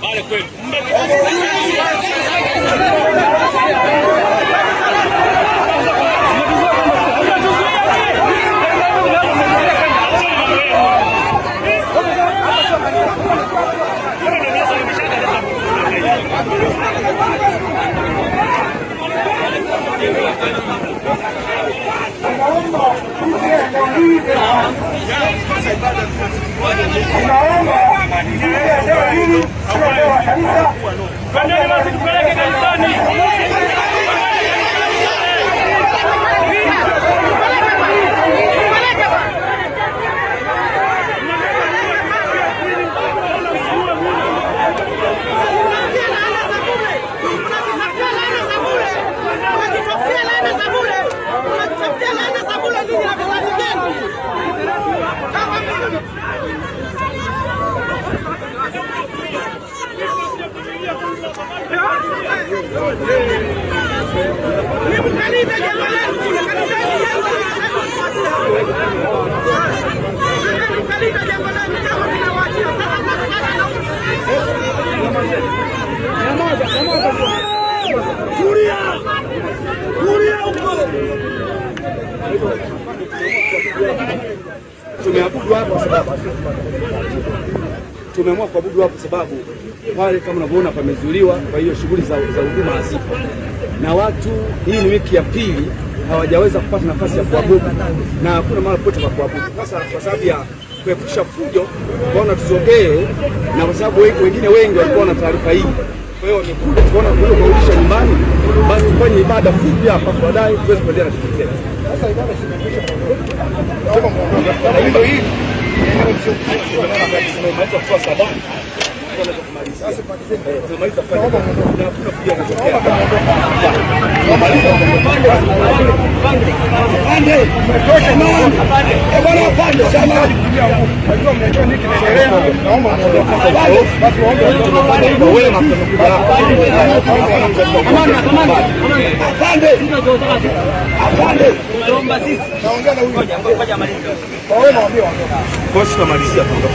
Vale, pues. tunaomba hili tunapewa kanisa Tumeabudu kwa sababu tumeamua kuabudu hapo sababu pale kama unavyoona pamezuliwa, kwa hiyo shughuli za huduma hazipo, na watu hii ni wiki ya pili hawajaweza kupata nafasi ya kuabudu na hakuna mahali popote pa kuabudu. Sasa kwa sababu ya kuepusha fujo, kwaona tusogee, na kwa sababu wengine wengi walikuwa na taarifa hii kwa hiyo nikuja tuona kuja kurudisha nyumbani, basi tufanye ibada fupi hapa, baadaye tuweze kuendelea na shughuli zetu. Sasa ibada kwa hiyo nawaambia wao. Kwa hiyo tutamalizia tu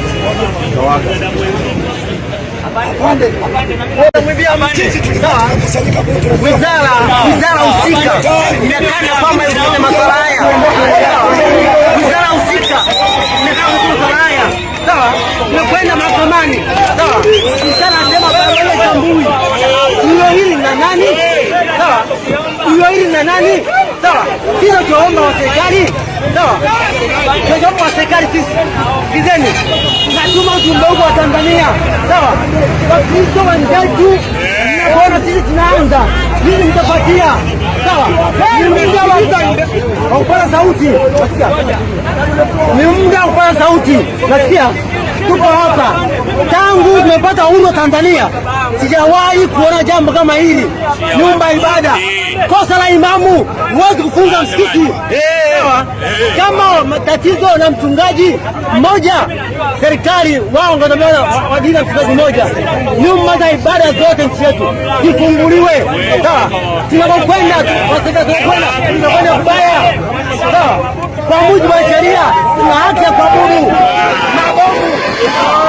wizara husika imekana kwamba ifanye masuala haya, wizara husika imekaa masuala haya sawa, imekwenda mahakamani sawa, msana anasema barua tambui hiyo hili na nani sawa, hiyo hili na nani sawa, hizo tuwaomba wa serikali sawa, tunaomba serikali sisi kizeni, tunatuma ujumbe huko wa Tanzania sawa Wakristo wenzetu mnaona sisi tunaanza nini, mtapatia sawa, kupata sauti, nasikia ni muda wa kupata sauti, nasikia tuko hapa tangu tumepata uhuru Tanzania. Sijawahi kuona jambo kama hili. Nyumba ya ibada, kosa la imamu, huwezi kufunga msikiti. Kama tatizo na mchungaji mmoja, serikali wao ngandamana wa dini ya mchungaji mmoja, nyumba za ibada zote nchi yetu zifunguliwe. Sawa, tunapokwenda tunakwenda kubaya. Sawa, kwa mujibu wa sheria tuna haki ya kuabudu mabomu